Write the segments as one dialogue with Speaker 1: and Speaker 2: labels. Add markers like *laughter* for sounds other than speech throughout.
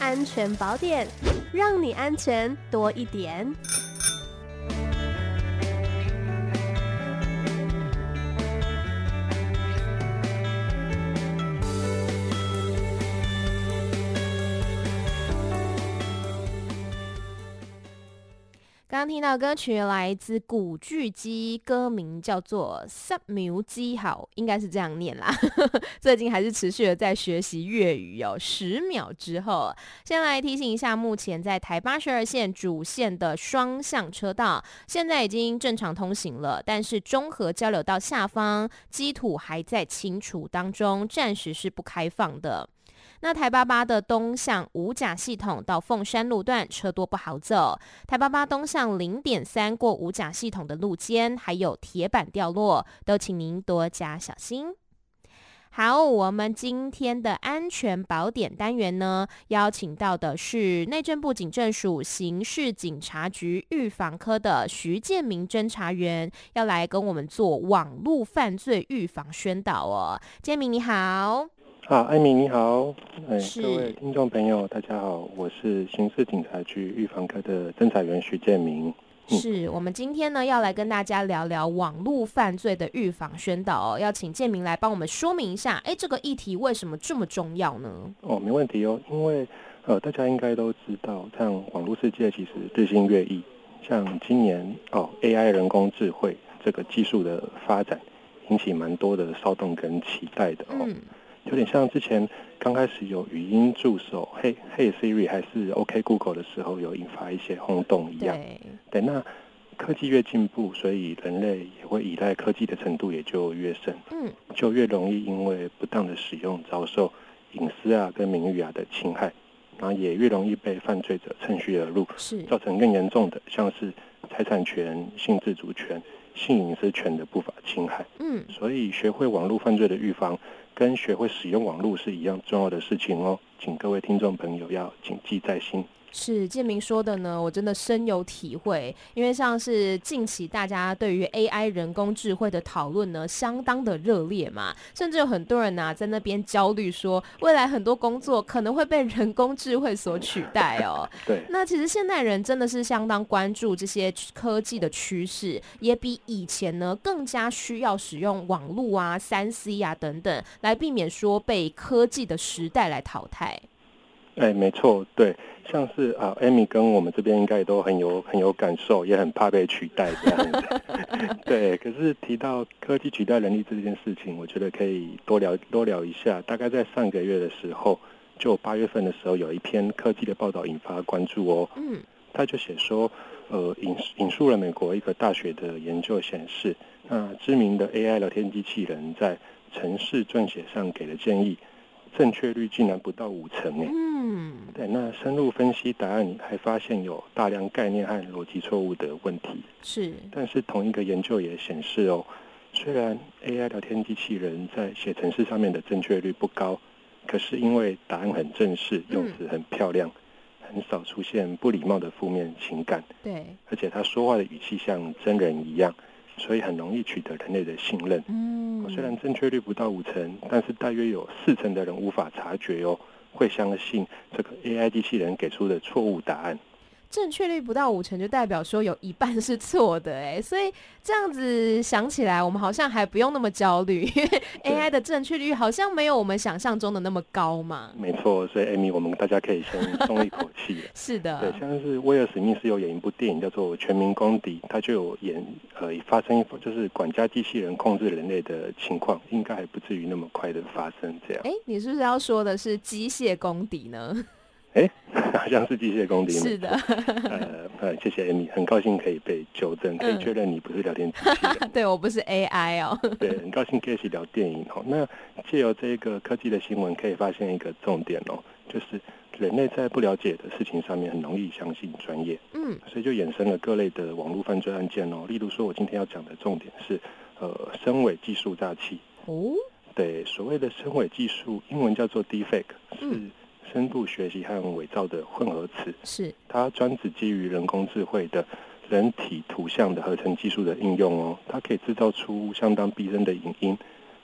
Speaker 1: 安全寶典，讓你安全多一點。剛聽到歌曲來自古巨基，歌名叫做《s u mu 基》，好，應該是這樣念啦。 *laughs* 最近還是持續的在學習粵語哦。十秒之後，先來提醒一下，目前在台八十二線主線的雙向車道現在已經正常通行了，但是綜合交流道下方積土還在清除當中，暫時是不開放的。那台八八的東向五甲系統到鳳山路段車多不好走，台八八東向零點三過五甲系統的路肩還有鐵板掉落，都請您多加小心。好，我們今天的安全寶典單元呢，邀請到的是內政部警政署刑事警察局預防科的徐健銘偵查員，要來跟我們做網路犯罪預防宣導哦。健銘你好。
Speaker 2: 好、啊，艾米你好，
Speaker 1: 哎、是各位
Speaker 2: 聽眾朋友，大家好，我是刑事警察局預防科的偵查員徐健銘。
Speaker 1: 嗯、是，我們今天呢要來跟大家聊聊網路犯罪的預防宣導、哦、要請健銘來幫我們說明一下，哎、欸，這個議題為什麼這麼重要呢？
Speaker 2: 哦，沒問題哦，因為呃，大家應該都知道，像網路世界其實日新月異，像今年哦，AI 人工智慧這個技術的發展，引起蠻多的騷動跟期待的、哦嗯有點像之前剛開始有語音助手，嘿、hey, 嘿、hey、Siri 還是 OK Google 的時候，有引發一些轟動一樣。對，對，那科技越進步，所以人類也會依賴科技的程度也就越深。嗯，就越容易因為不當的使用遭受隱私啊跟名譽啊的侵害，然後也越容易被犯罪者趁虛而入，是造成更嚴重的，像是財產權、性自主權、性隱私權的不法侵害。嗯，所以學會網絡犯罪的預防。跟學會使用網絡是一樣重要的事情哦，請各位聽眾朋友要謹記在心。
Speaker 1: 是健銘說的呢，我真的深有體會。因為像是近期大家對於 AI 人工智慧的討論呢，相當的熱烈嘛，甚至有很多人呢、啊、在那邊焦慮說，未來很多工作可能會被人工智慧所取代哦、喔。對，那其實現代人真的是相當關注這些科技的趨勢，也比以前呢更加需要使用網絡啊、三 C 啊等等，來避免說被科技的時代來淘汰。
Speaker 2: 哎，沒錯，對，像是啊，Amy 跟我們這邊應該都很有很有感受，也很怕被取代這樣子 *laughs* 對，可是提到科技取代人力這件事情，我覺得可以多聊多聊一下。大概在上個月的時候，就八月份的時候，有一篇科技的報道引發關注哦。嗯，他就寫說，呃，引引述了美國一個大學的研究顯示，那知名的 AI 聊天機器人在程式撰寫上給的建議。正確率竟然不到五成哎！嗯，對，那深入分析答案還發現有大量概念和邏輯錯誤的問題。是，但是同一個研究也顯示哦，雖然 AI 聊天機器人在寫程式上面的正確率不高，可是因為答案很正式，用詞很漂亮，嗯、很少出現不禮貌的負面情感。對，而且他說話的語氣像真人一樣。所以很容易取得人類的信任。嗯，雖然正確率不到五成，但是大約有四成的人無法察覺哦，會相信這個 AI 機器人給出的錯誤答案。
Speaker 1: 正確率不到五成就代表說有一半是錯的哎，所以這樣子想起來，我們好像還不用那麼焦慮，因為對 *laughs* AI 的正確率好像沒有我們想象中的那麼高嘛。沒錯，
Speaker 2: 所以 Amy，我們大家可以先鬆一口
Speaker 1: 氣。 *laughs* 是的，對，
Speaker 2: 像是威爾史密斯有演一部電影叫做《全民公敵》，他就有演呃發生一，就是管家機器人控制人類的情況，應該還不至於那麼快的發生這樣。哎、欸，
Speaker 1: 你是不是要說的是機械公敵呢？
Speaker 2: 哎，好、欸、 *laughs* 像是機械公敵，是的呃，呃謝謝 Amy，很高興可以被糾正，可以確認你不是聊天機器人、
Speaker 1: 嗯、 *laughs* 對，我不是 AI 哦。對，很
Speaker 2: 高興可以聊電影哦。那借由這個科技的新聞，可以發現一個重點哦，就是人類在不了解的事情上面，很容易相信專業。嗯。所以就衍生了各類的網絡犯罪案件哦。例如說，我今天要講的重點是，呃，深偽技術詐欺。
Speaker 3: 哦。
Speaker 2: 對，所謂的深偽技術，英文叫做 Deepfake 是。深度學習和偽造的混合詞是，它專指基於人工智慧的人體圖像的合成技術的應用哦，它可以制造出相當逼真的影音，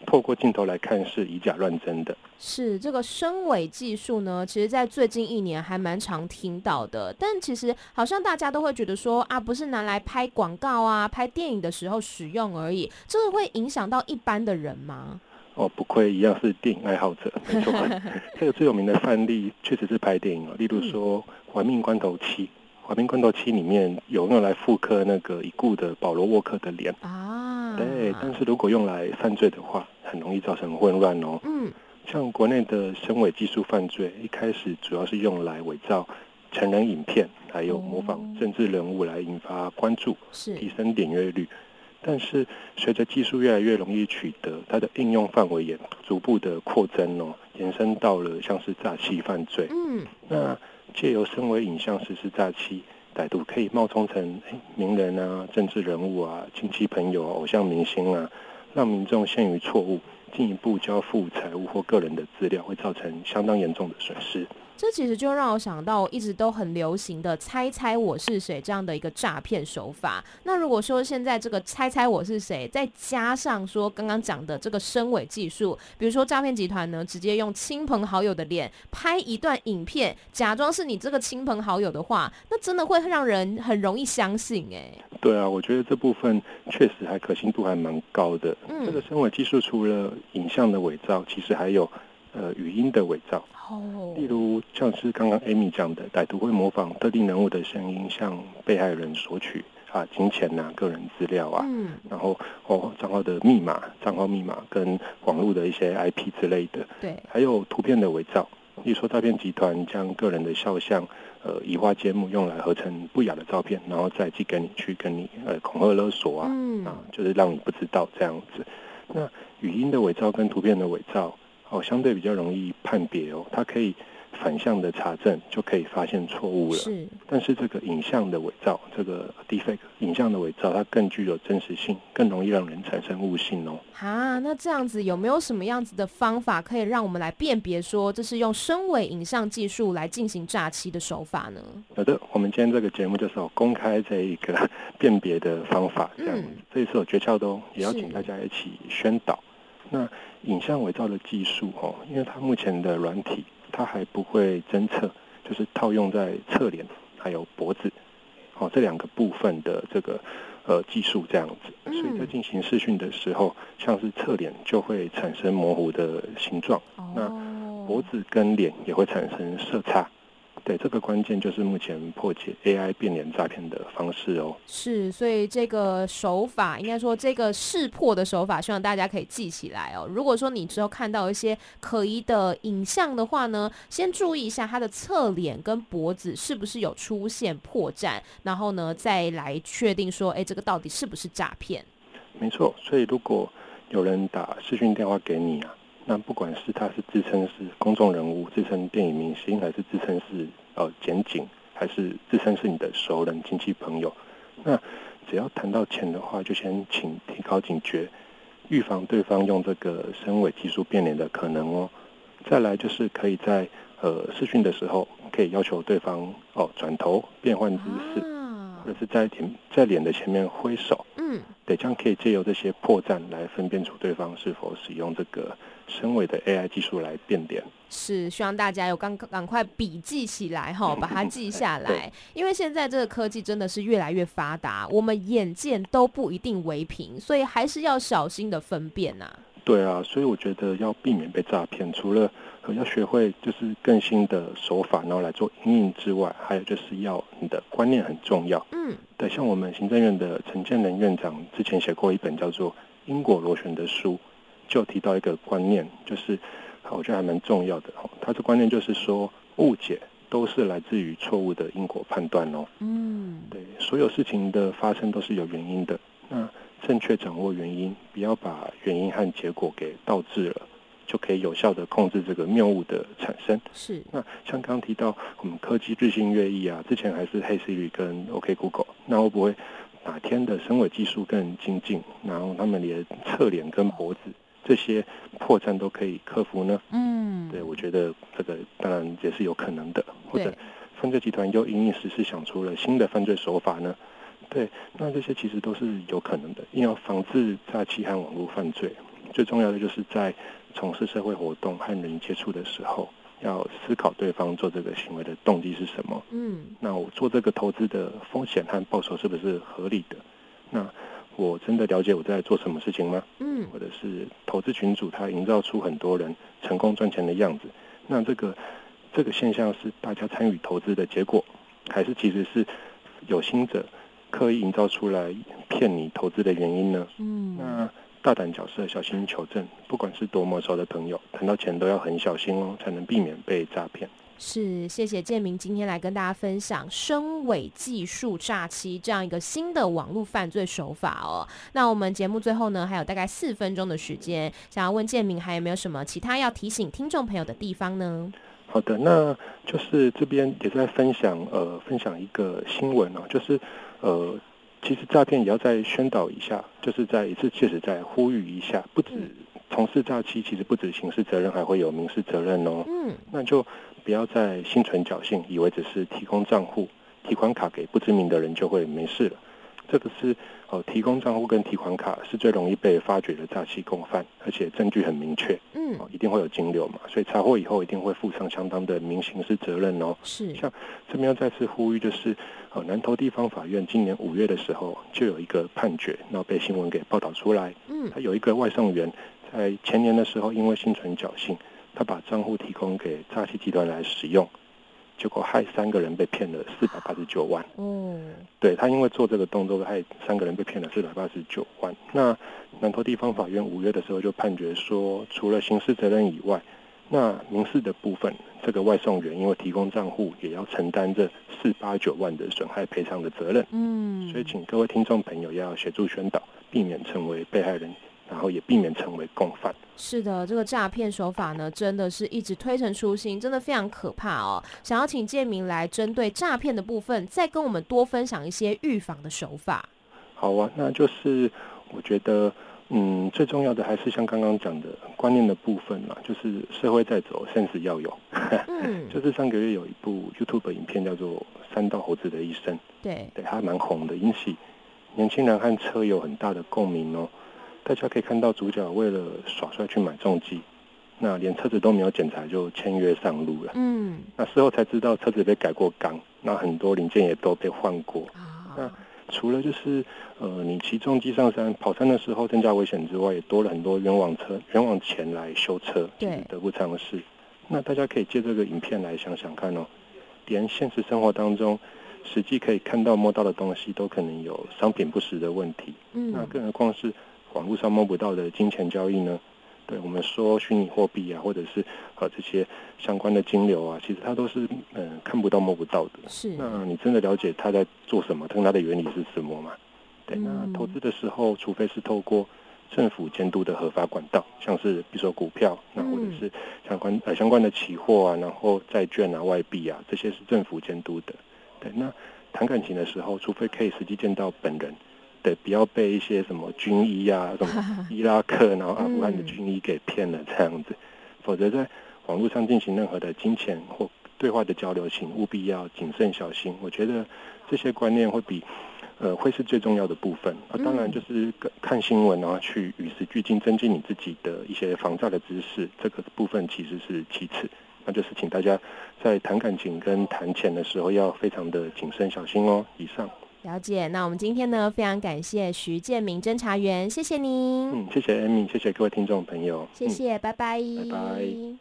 Speaker 2: 透過鏡頭來看是以假亂真的
Speaker 1: 是。這個深偽技術呢，其實，在最近一年還蠻常聽到的，但其實好像大家都會覺得說啊，不是拿來拍廣告啊、拍電影的時候使用而已，這、就是、會影響到一般的人嗎？
Speaker 2: 哦，不愧一樣是電影愛好者，沒錯。 *laughs* 這個最有名的範例確實是拍電影，例如說《玩命關頭七》，《玩命關頭七》裡面有用來複刻那個已故的保羅沃克的臉啊。對，但是如果用來犯罪的話，很容易造成混亂哦。嗯，像國內的深偽技術犯罪，一開始主要是用來偽造成人影片，還有模仿政治人物來引發關注，嗯、提升點閱率。但是隨着技術越來越容易取得，它的應用範圍也逐步的擴增哦，延伸到了像是詐欺犯罪。嗯，那借由深偽影像實施詐欺，歹徒可以冒充成名人啊、政治人物啊、親戚朋友啊、偶像明星啊，讓民眾陷於錯誤，進一步交付財物或個人的資料，會造成相當嚴重的損失。
Speaker 1: 這其實就讓我想到我一直都很流行的“猜猜我是誰”這樣的一個詐騙手法。那如果說現在這個“猜猜我是誰”，再加上說剛剛講的這個深偽技術，比如說詐騙集團呢，直接用親朋好友的臉拍一段影片，假裝是你這個親朋好友的話，那真的會讓人很容易相信哎、欸。
Speaker 2: 對啊，我覺得這部分確實還可信度還蠻高的。嗯，這個深偽技術除了影像的偽造，其實還有。呃，語音的偽造，例如像是剛剛 Amy 講的，歹徒會模仿特定人物的聲音，向被害人索取啊金錢啊、個人資料啊，嗯、然後哦賬號的密碼、賬號密碼跟網絡的一些 IP 之類的。對、嗯，還有圖片的偽造，例如說，詐騙集團將個人的肖像，呃，移花接木，用來合成不雅的照片，然後再寄給你去跟你呃恐嚇勒索啊，嗯、啊，就是讓你不知道這樣子。那語音的偽造跟圖片的偽造。哦，相對比較容易判別哦，它可以反向的查證，就可以發現錯誤了。是，但是這個影像的偽造，這個 deepfake 影像的偽造，它更具有真實性，更容易讓人產生誤信哦。
Speaker 1: 啊，那這樣子有沒有什麼樣子的方法，可以讓我們來辨別說，這是用深偽影像技術來進行詐欺的手法呢？
Speaker 2: 有的，我們今天這個節目就是要公開這一個辨別的方法，這樣、嗯、這一次有訣竅都也要請大家一起宣導。那影像偽造的技術，哦，因為它目前的軟體，它還不會偵測，就是套用在側臉還有脖子，哦，這兩個部分的這個，呃，技術這樣子，所以在進行視訊的時候，嗯，像是側臉就會產生模糊的形狀，那脖子跟臉也會產生色差。對，這個關鍵就是目前破解 AI 變臉詐騙的方式哦。
Speaker 1: 是，所以這個手法，應該說這個識破的手法，希望大家可以記起來哦。如果說你之後看到一些可疑的影像的話呢，先注意一下他的側臉跟脖子是不是有出現破綻，然後呢再來確定說，哎，這個到底是不是詐騙？
Speaker 2: 沒錯，所以如果有人打視訊電話給你啊。那不管是他是自稱是公眾人物、自稱電影明星，還是自稱是呃、哦、檢警，還是自稱是你的熟人、親戚、朋友，那只要談到錢的話，就先請提高警覺，預防對方用這個深偽技術變臉的可能哦。再來就是可以在呃視訊的時候，可以要求對方哦轉頭、變換姿勢，或者是在臉在臉的前面揮手。嗯，對，這樣可以借由這些破綻來分辨出對方是否使用這個深偽的 AI 技術來變
Speaker 1: 臉。是，希望大家有剛趕快筆記起來哈、哦，把它記下來， *laughs* 對因為現在這個科技真的是越來越發達，我們眼見都不一定為憑，所以還是要小心的分辨吶、啊。
Speaker 2: 對啊，所以我覺得要避免被詐騙，除了。可要學會就是更新的手法，然後來做因應，之外，還有就是要你的觀念很重要。嗯，對，像我們行政院的陳建仁院長之前寫過一本叫做《因果螺旋》的書，就提到一個觀念，就是好我覺得還蠻重要的。他的觀念就是說，誤解都是來自於錯誤的因果判斷哦。嗯，對，所有事情的發生都是有原因的。那正確掌握原因，不要把原因和結果給倒置了。就可以有效的控制這個謬誤的產生。是那像剛剛提到，我們科技日新月異啊，之前還是 Hey Siri 跟 OK Google，那會不會哪天的深偽技術更精進，然後他們連側臉跟脖子這些破綻都可以克服呢？嗯，對，我覺得這個當然也是有可能的。或者犯罪集團又隱隱實施，想出了新的犯罪手法呢？對，那這些其實都是有可能的。因為要防治詐欺和網絡犯罪，最重要的就是在。從事社會活動和人接觸的時候，要思考對方做這個行為的動機是什麼。嗯，那我做這個投資的風險和報酬是不是合理的？那我真的了解我在做什麼事情嗎？嗯，或者是投資群組他營造出很多人成功賺錢的樣子，那這個這個現象是大家參與投資的結果，還是其實是有心者刻意營造出來騙你投資的原因呢？嗯，那。大膽假設，小心求證。不管是多麼熟的朋友，談到錢都要很小心哦，才能避免被詐騙。
Speaker 1: 是，謝謝健銘今天來跟大家分享“深偽技術詐欺”這樣一個新的網絡犯罪手法哦。那我們節目最後呢，還有大概四分鐘的時間，想要問健銘還有沒有什麼其他要提醒聽眾朋友的地方呢？
Speaker 2: 好的，那就是這邊也在分享，呃，分享一個新聞哦、啊，就是呃。其實詐騙也要再宣導一下，就是再一次確實再呼籲一下，不止從事詐欺，其實不止刑事責任，還會有民事責任哦。嗯，那就不要再心存僥倖，以為只是提供賬戶、提款卡給不知名的人就會沒事了。這個是、哦、提供賬戶跟提款卡是最容易被發掘的詐欺共犯，而且證據很明確，
Speaker 3: 嗯、哦，一
Speaker 2: 定會有金流嘛，所以查獲以後一定會負上相當的民刑事責任哦。是，像這邊要再次呼籲的，就是、哦，南投地方法院今年五月的時候就有一個判決，然後被新聞給報道出來，嗯，他有一個外送員在前年的時候因為心存僥倖，他把賬戶提供給詐欺集團來使用。結果害三個人被騙了四百八十九萬。嗯，對，他因為做這個動作害三個人被騙了四百八十九萬。那南投地方法院五月的時候就判決說，除了刑事責任以外，那民事的部分，這個外送員因為提供賬戶，也要承擔這四八九萬的損害賠償的責任。嗯，所以請各位聽眾朋友要協助宣導，避免成為被害人。然後也避免成為共犯。嗯。
Speaker 1: 是的，這個詐騙手法呢，真的是一直推陳出新，真的非常可怕哦。想要請健銘來針對詐騙的部分，再跟我們多分享一些預防的手法。
Speaker 2: 好啊，那就是我覺得，嗯，最重要的還是像剛剛講的觀念的部分嘛，就是社會在走，現實、嗯、要有。嗯， *laughs* 就是上個月有一部 YouTube 影片叫做《山道猴子的一生》，對對，還蠻紅的，引起年輕人和車友很大的共鳴哦。大家可以看到，主角為了耍帥去買重機，那連車子都沒有檢查就簽約上路了。嗯，那事後才知道車子被改過缸，那很多零件也都被換過。哦、那除了就是，呃，你騎重機上山跑山的時候增加危險之外，也多了很多冤枉車、冤枉錢來修車，對，得不償失。那大家可以借這個影片來想想看哦，連現實生活當中實際可以看到摸到的東西都可能有商品不實的問題。嗯，那更何況是。網絡上摸不到的金錢交易呢？對，我們說虛擬貨幣啊，或者是和這些相關的金流啊，其實它都是嗯、呃、看不到摸不到的。是，那你真的了解他在做什麼？跟它的原理是什麼嗎？對，那投資的時候，除非是透過政府監督的合法管道，像是比如說股票，那或者是相關呃相關的期貨啊，然後債券啊、外幣啊，這些是政府監督的。對，那談感情的時候，除非可以實際見到本人。對，不要被一些什麼軍醫啊，什麼伊拉克然後阿富汗的軍醫給騙了這樣子，嗯、否則在網絡上進行任何的金錢或對話的交流，請務必要謹慎小心。我覺得這些觀念會比，呃，會是最重要的部分。啊、當然就是看新聞啊，然後去與時俱進，增進你自己的一些防詐的知識。這個部分其實是其次，那就是請大家在談感情跟談錢的時候要非常的謹慎小心哦。以上。
Speaker 1: 了解，那我們今天呢，非常感謝徐健銘偵查員，謝謝您。嗯，
Speaker 2: 謝謝 Amy，謝謝各位聽眾朋友，
Speaker 1: 謝謝，嗯、拜拜，拜拜。